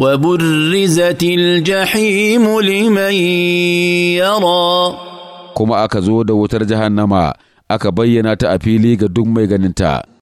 وبرزت الجحيم لمن يرى كما أكزود وتر جهنم أكبينا تأفيلي قدوم ميغننتا